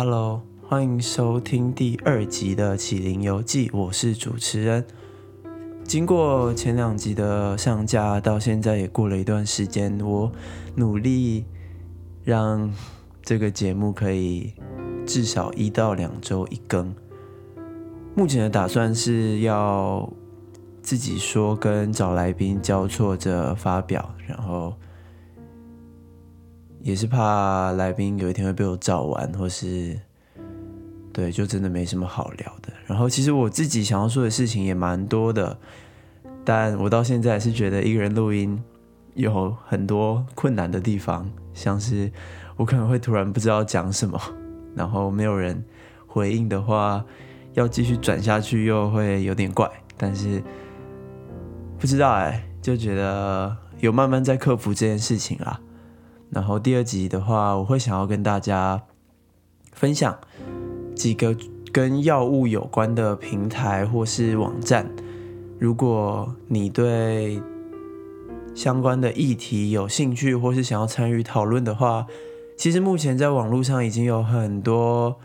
Hello，歡迎收聽第二集的《啟靈遊記》，我是主持人。經過前兩集的上架，到現在也過了一段時間，我努力讓這個節目可以至少一到兩周一更。目前的打算是要自己說跟找來賓交錯着發表，然後。也是怕來賓有一天會被我找完，或是對，就真的沒什麼好聊的。然後其實我自己想要說的事情也蠻多的，但我到現在是覺得一個人錄音有很多困難的地方，像是我可能會突然不知道講什麼，然後沒有人回應的話，要繼續轉下去又會有點怪。但是不知道哎、欸，就覺得有慢慢在克服這件事情啦。然後第二集的話，我會想要跟大家分享幾個跟藥物有關的平台或是網站。如果你對相關的議題有興趣或是想要參與討論的話，其實目前在網絡上已經有很多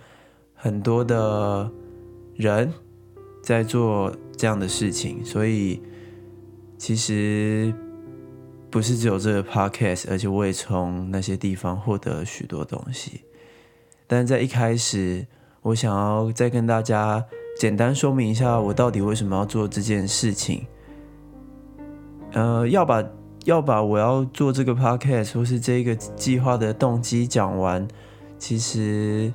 很多的人在做這樣的事情，所以其實，不是只有這個 podcast，而且我也從那些地方獲得了許多東西。但在一開始，我想要再跟大家簡單說明一下，我到底為什麼要做這件事情。呃，要把，要把我要做這個 podcast，或是這個計劃的動機講完，其實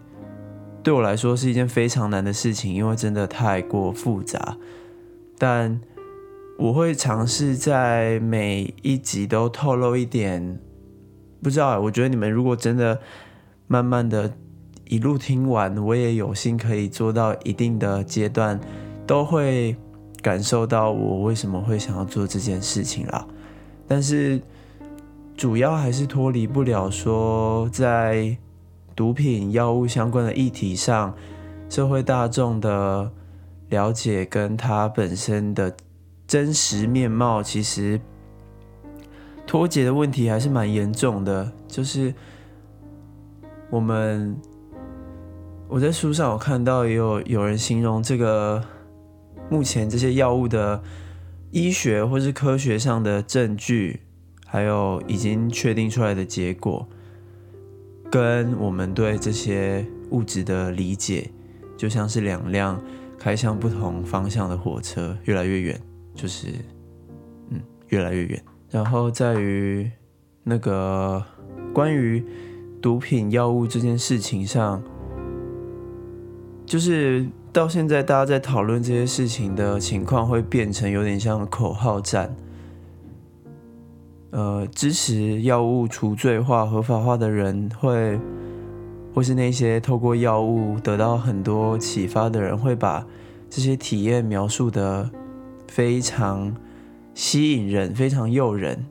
對我來說是一件非常難的事情，因為真的太過複雜。但我會嘗試在每一集都透露一點，不知道、欸。我覺得你們如果真的慢慢的一路聽完，我也有幸可以做到一定的階段，都會感受到我為什麼會想要做這件事情了。但是主要還是脫離不了說，在毒品藥物相關的議題上，社會大眾的了解跟他本身的。真實面貌其實脫節的問題還是蠻嚴重的，就是我們我在書上有看到，也有，有人形容這個目前這些藥物的醫學或是科學上的證據，還有已經確定出來的結果，跟我們對這些物質的理解，就像是兩輛開向不同方向的火車，越來越遠。就是，嗯，越來越遠。然後在於那個關於毒品藥物這件事情上，就是到現在大家在討論這些事情的情況，會變成有點像口號戰。呃，支持藥物除罪化合法化的人會，會或是那些透過藥物得到很多啟發的人，會把這些體驗描述的非常吸引人，非常誘人。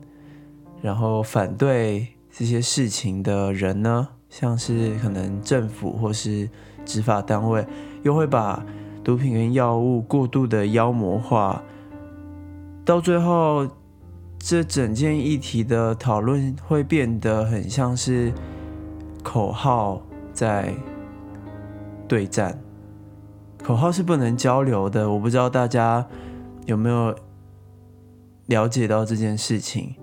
然後反對這些事情的人呢，像是可能政府或是執法單位，又會把毒品跟藥物過度的妖魔化，到最後，這整件議題的討論會變得很像是口號在對戰。口號是不能交流的，我不知道大家。有沒有了解到這件事情？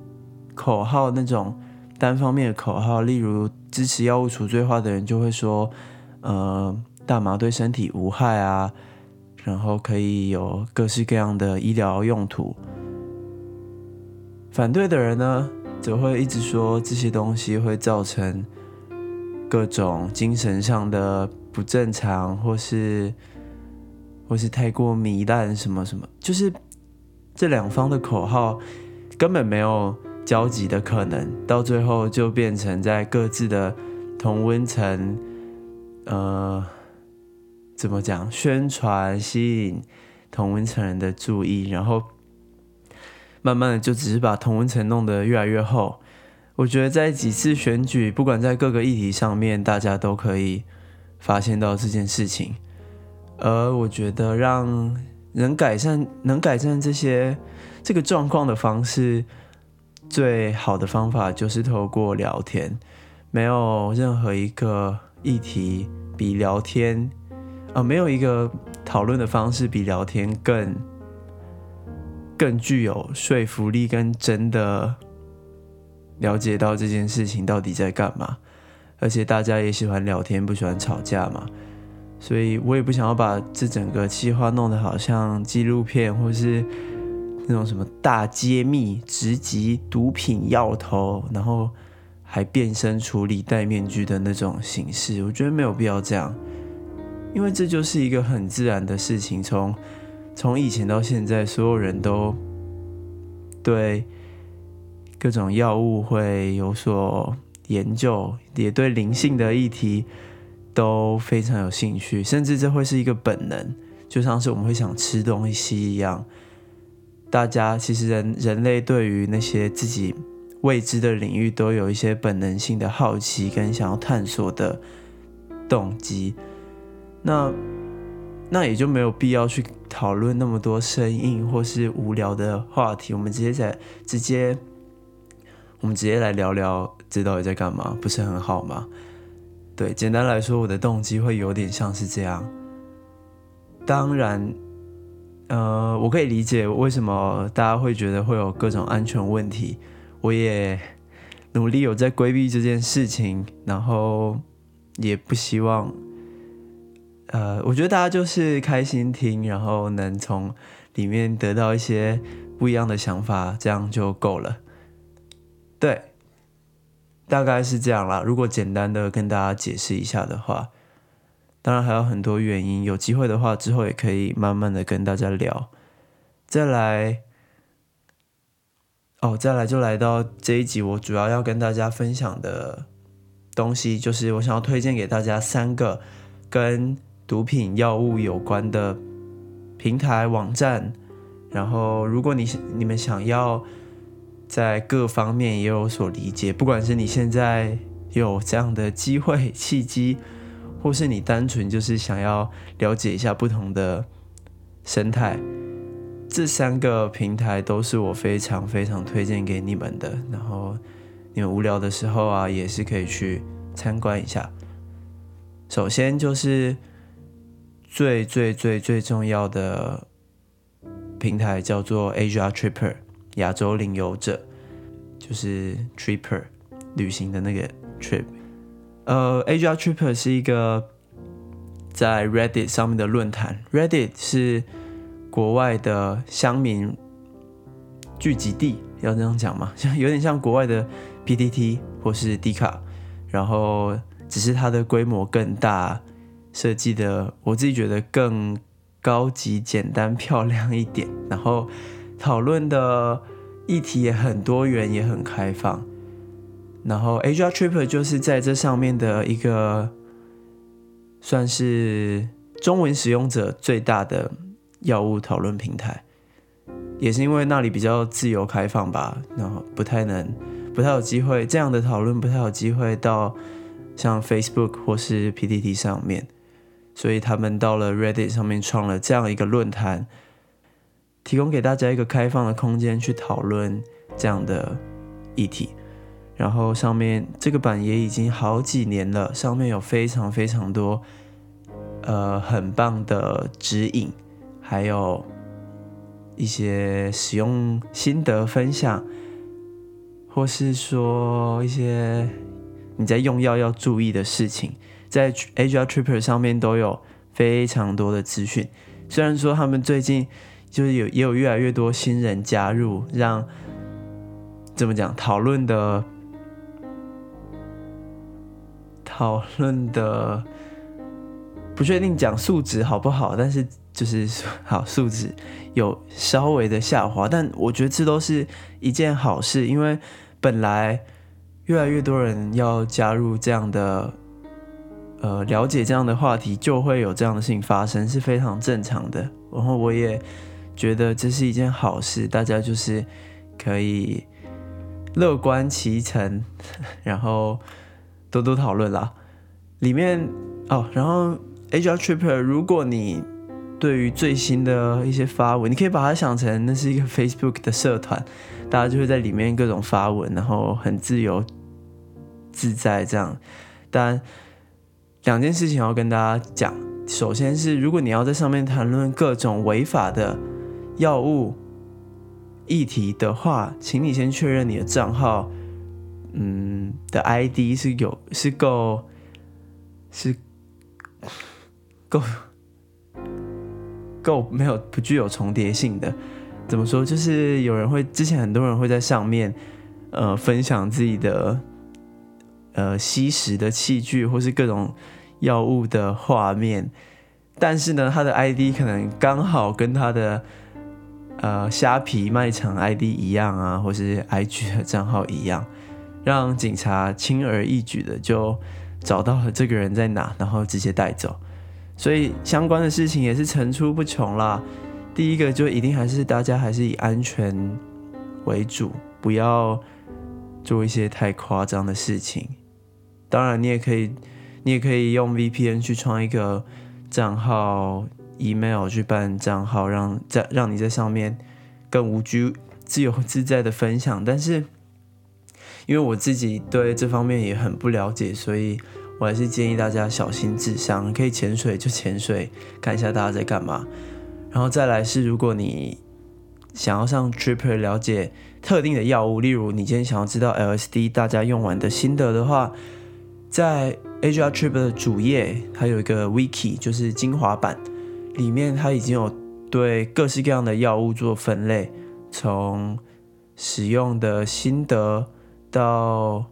口號那種單方面的口號，例如支持藥物除罪化的人就會說：“呃，大麻對身體無害啊，然後可以有各式各樣的醫療用途。”反對的人呢，則會一直說這些東西會造成各種精神上的不正常，或是。或是太過糜爛什麼什麼，就是這兩方的口號根本沒有交集的可能，到最後就變成在各自的同溫層，呃，怎麼講？宣傳吸引同溫層人的注意，然後慢慢的就只是把同溫層弄得越來越厚。我覺得在幾次選舉，不管在各個議題上面，大家都可以發現到這件事情。而、呃、我覺得，讓能改善，能改善這些這個狀況的方式，最好的方法就是透過聊天。沒有任何一個議題比聊天，啊、呃，沒有一個討論的方式比聊天更，更具有說服力，跟真的了解到這件事情到底在幹嘛。而且大家也喜歡聊天，不喜歡吵架嘛。所以我也不想要把這整個企劃弄得好像紀錄片，或是那種什麼大揭秘、直擊毒品藥頭，然後還變身處理戴面具的那種形式。我覺得沒有必要這樣，因為這就是一個很自然的事情。從從以前到現在，所有人都對各種藥物會有所研究，也對靈性的議題。都非常有興趣，甚至這會是一個本能，就像是我們會想吃東西一樣。大家其實人人類對於那些自己未知的領域，都有一些本能性的好奇跟想要探索的動機。那那也就沒有必要去討論那麼多生硬或是無聊的話題，我們直接在直接，我們直接來聊聊知道你在幹嘛，不是很好嗎？對，簡單來說，我的動機會有點像是這樣。當然，呃，我可以理解為什麼大家會覺得會有各種安全問題。我也努力有在規避這件事情，然後也不希望。呃，我覺得大家就是開心聽，然後能從裡面得到一些不一樣的想法，這樣就夠了。對。大概是這樣啦。如果簡單的跟大家解釋一下的話，當然還有很多原因。有機會的話，之後也可以慢慢的跟大家聊。再來，哦，再來就來到這一集，我主要要跟大家分享的東西，就是我想要推薦給大家三個跟毒品藥物有關的平台網站。然後，如果你，你們想要。在各方面也有所理解，不管是你現在有這樣的機會契機，或是你單純就是想要了解一下不同的生態，這三個平台都是我非常非常推薦給你們的。然後你們無聊的時候啊，也是可以去參觀一下。首先就是最最最最重要的平台叫做 Asiatripper。亞洲領遊者就是 tripper 旅行的那個 trip，呃、uh, Asia Tripper 是一個在 Reddit 上面的論壇，Reddit 是國外的鄉民聚集地，要這樣講嘛，像有點像國外的 PTT 或是 Dcard，然後只是它的規模更大，設計得我自己覺得更高級、簡單、漂亮一點，然後。討論的議題也很多元，也很開放。然後，Asiatripper 就是在這上面的一個，算是中文使用者最大的藥物討論平台。也是因為那裡比較自由開放吧，然後不太能，不太有機會這樣的討論，不太有機會到像 Facebook 或是 PTT 上面，所以他們到了 Reddit 上面創了這樣一個論壇。提供給大家一個開放的空間去討論這樣的議題。然後上面這個版也已經好幾年了，上面有非常非常多呃很棒的指引，還有一些使用心得分享，或是說一些你在用藥要注意的事情，在 Asiatripper 上面都有非常多的資訊。雖然說他們最近，就是有也有越來越多新人加入，讓怎麼講討論的討論的不確定講素質好不好，但是就是好素質有稍微的下滑，但我覺得這都是一件好事，因為本來越來越多人要加入這樣的呃了解這樣的話題，就會有這樣的事情發生，是非常正常的。然後我也。覺得這是一件好事，大家就是可以樂觀其成，然後多多討論啦。裡面哦，然後 Asiatripper，如果你對於最新的一些發文，你可以把它想成那是一個 Facebook 的社團，大家就會在裡面各種發文，然後很自由自在這樣。但兩件事情要跟大家講，首先是如果你要在上面談論各種違法的。藥物議題的話，請你先確認你的賬號，嗯的 ID 是有是夠是夠夠沒有不具有重疊性的。怎麼說？就是有人會之前很多人會在上面，呃，分享自己的呃吸食的器具或是各種藥物的畫面，但是呢，他的 ID 可能剛好跟他的。呃，蝦皮賣場 ID 一樣啊，或是 IG 的賬號一樣，讓警察輕而易舉的就找到了這個人在哪，然後直接帶走。所以相關的事情也是層出不窮啦，第一個就一定還是大家還是以安全為主，不要做一些太誇張的事情。當然，你也可以，你也可以用 VPN 去創一個賬號。email 去辦賬號，讓在讓你在上面更無拘自由自在的分享。但是，因為我自己對這方面也很不了解，所以我還是建議大家小心智商。可以潛水就潛水，看一下大家在幹嘛。然後再來是，如果你想要上 Tripper 了解特定的藥物，例如你今天想要知道 LSD 大家用完的心得的話，在 Asia Tripper 的主頁還有一個 Wiki，就是精華版。裡面它已經有對各式各樣的藥物做分類，從使用的心得到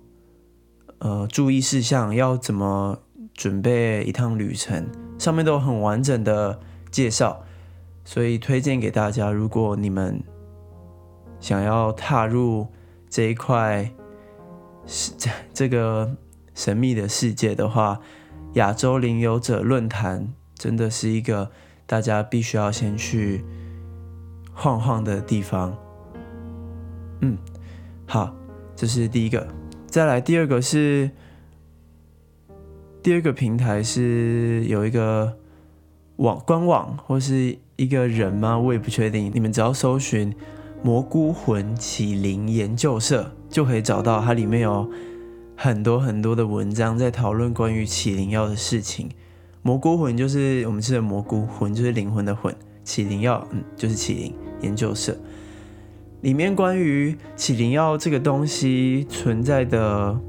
呃注意事項，要怎麼準備一趟旅程，上面都有很完整的介紹，所以推薦給大家。如果你們想要踏入這一塊是這，這個神秘的世界的話，亞洲領遊者論壇真的是一個。大家必須要先去晃晃的地方。嗯，好，這是第一個。再來第二個是第二個平台，是有一個網官網或是一個人嗎？我也不確定。你們只要搜尋“蘑菇魂啟靈研究社”就可以找到它，裡面有很多很多的文章在討論關於啟靈藥的事情。蘑菇魂就是我們吃的蘑菇魂，就是靈魂的魂。啟靈藥，嗯，就是啟靈研究社裡面關於啟靈藥這個東西存在的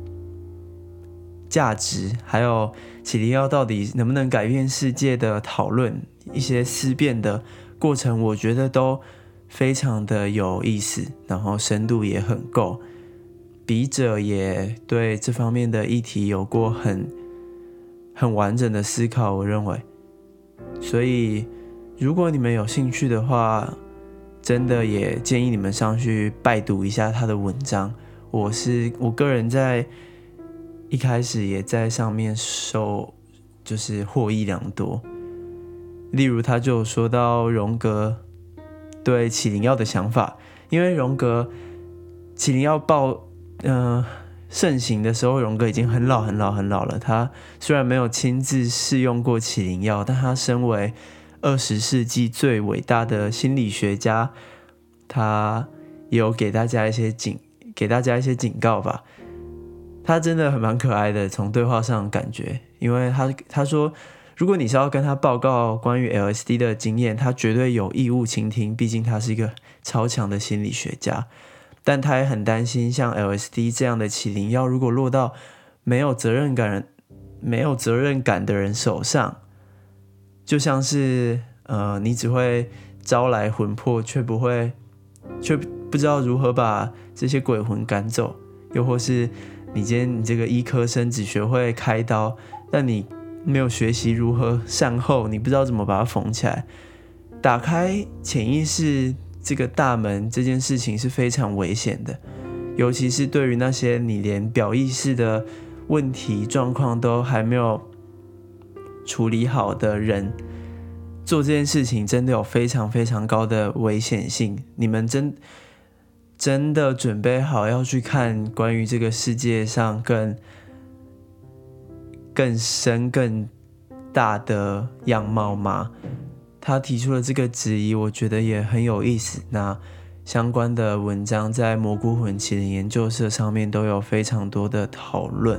價值，還有啟靈藥到底能不能改變世界的討論，一些思辨的過程，我覺得都非常的有意思，然後深度也很夠。筆者也對這方面的議題有過很。很完整的思考，我認為。所以，如果你們有興趣的話，真的也建議你們上去拜讀一下他的文章。我是我個人在一開始也在上面受，就是獲益良多。例如，他就說到榮格對啟靈藥的想法，因為榮格啟靈藥報，嗯、呃。盛行的時候，榮格已經很老很老很老了。他雖然沒有親自試用過啟靈藥，但他身為二十世紀最偉大的心理學家，他有給大家一些警，給大家一些警告吧。他真的很蠻可愛的，從對話上感覺，因為他他說，如果你是要跟他報告關於 LSD 的經驗，他絕對有義務傾聽，畢竟他是一個超強的心理學家。但他也很擔心，像 LSD 這樣的啟靈藥如果落到沒有責任感人、沒有責任感的人手上，就像是呃，你只會招來魂魄，卻不會，卻不知道如何把這些鬼魂趕走；又或是你今天你這個醫科生只學會開刀，但你沒有學習如何善後，你不知道怎麼把它縫起來，打開潛意識。這個大門這件事情是非常危險的，尤其是對於那些你連表意識的問題狀況都還沒有處理好的人，做這件事情真的有非常非常高的危險性。你們真真的準備好要去看關於這個世界上更更深更大的樣貌嗎？他提出了這個質疑，我覺得也很有意思。那相關的文章在《蘑菇魂奇的研究社》上面都有非常多的討論，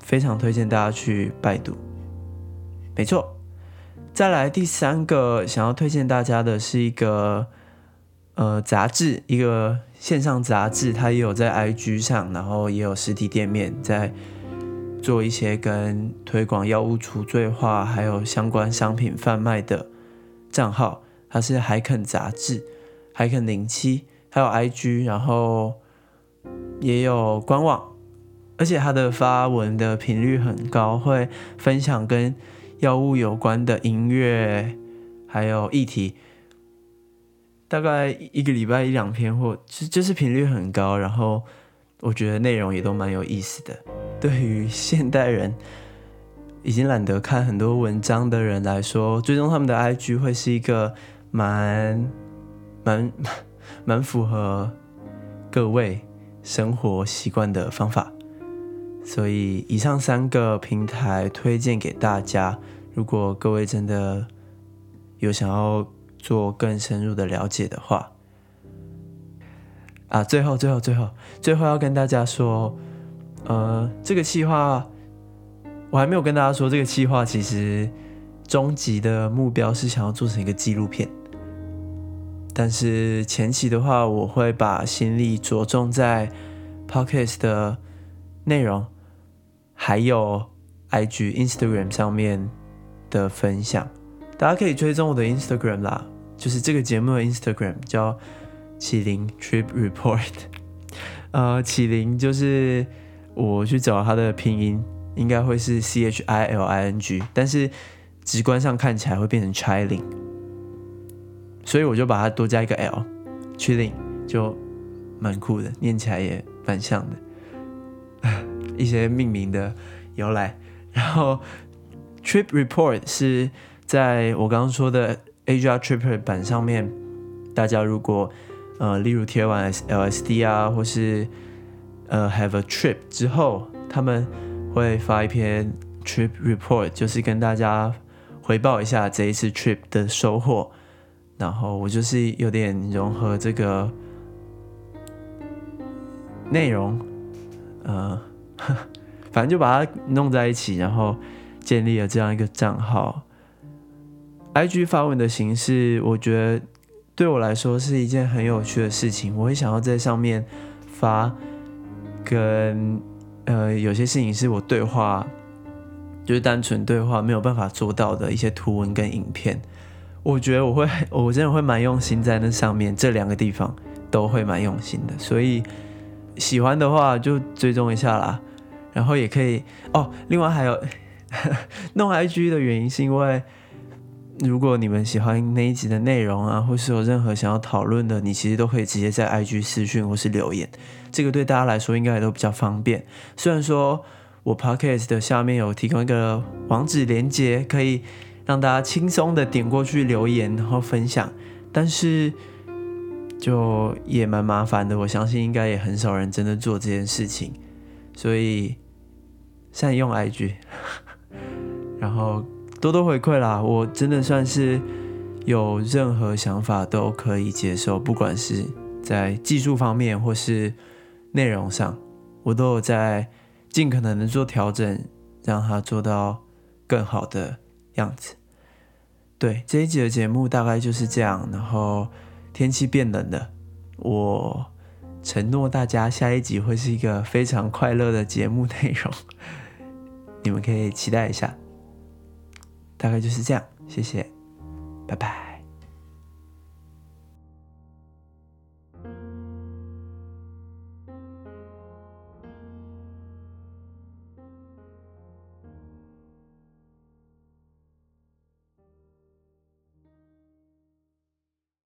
非常推薦大家去拜讀。沒錯，再來第三個想要推薦大家的是一個呃雜誌，一個線上雜誌，它也有在 IG 上，然後也有實體店面在。做一些跟推廣藥物除罪化還有相關商品販賣的賬號，它是黑卡雜誌、黑卡零七、還有 IG，然後也有官網，而且它的發文的頻率很高，會分享跟藥物有關的音樂還有議題，大概一個禮拜一兩篇或就就是頻率很高，然後我覺得內容也都蠻有意思的。對於現代人已經懶得看很多文章的人來說，追蹤他們的 IG 會是一個蠻蠻蠻符合各位生活習慣的方法。所以以上三個平台推薦給大家。如果各位真的有想要做更深入的了解的話，啊，最後最後最後最後要跟大家說。呃，這個計劃我還沒有跟大家說。這個計劃其實終極的目標是想要做成一個紀錄片，但是前期的話，我會把心力着重在 podcast 的內容，還有 IG Instagram 上面的分享。大家可以追蹤我的 Instagram 啦，就是這個節目的 Instagram 叫“啟靈 Trip Report”。呃，啟靈就是。我去找它的拼音，應該會是 C H I L I N G，但是直觀上看起來會變成 Chiling，所以我就把它多加一個 L，Chilling 就蠻酷的，念起來也蠻像的， 一些命名的由來。然後 Trip Report 是在我剛剛說的 Asiatripper 版上面，大家如果呃，例如貼完 LSD 啊，或是呃、uh，have a trip 之後，他們會發一篇 trip report，就是跟大家回報一下這一次 trip 的收穫。然後我就是有點融合這個內容，呃、uh, 反正就把它弄在一起，然後建立了這樣一個賬號。IG 發文的形式，我覺得對我來說是一件很有趣的事情。我會想要在上面發。跟呃，有些事情是我對話，就是單純對話沒有辦法做到的一些圖文跟影片，我覺得我會，我真的會蠻用心在那上面，這兩個地方都會蠻用心的，所以喜歡的話就追蹤一下啦，然後也可以哦。另外還有，弄 IG 的原因是因為。如果你們喜歡那一集的內容啊，或是有任何想要討論的，你其實都可以直接在 IG 私訊或是留言。這個對大家來說應該也都比較方便。雖然說我 Podcast 的下面有提供一個網址連接，可以讓大家輕鬆的點過去留言然後分享，但是就也蠻麻煩的。我相信應該也很少人真的做這件事情，所以善用 IG， 然後。多多回饋啦！我真的算是有任何想法都可以接受，不管是在技術方面或是內容上，我都有在盡可能的做調整，讓它做到更好的樣子。對，這一集的節目大概就是這樣。然後天氣變冷了，我承諾大家下一集會是一個非常快樂的節目內容，你們可以期待一下。大概就是這樣，謝謝，拜拜。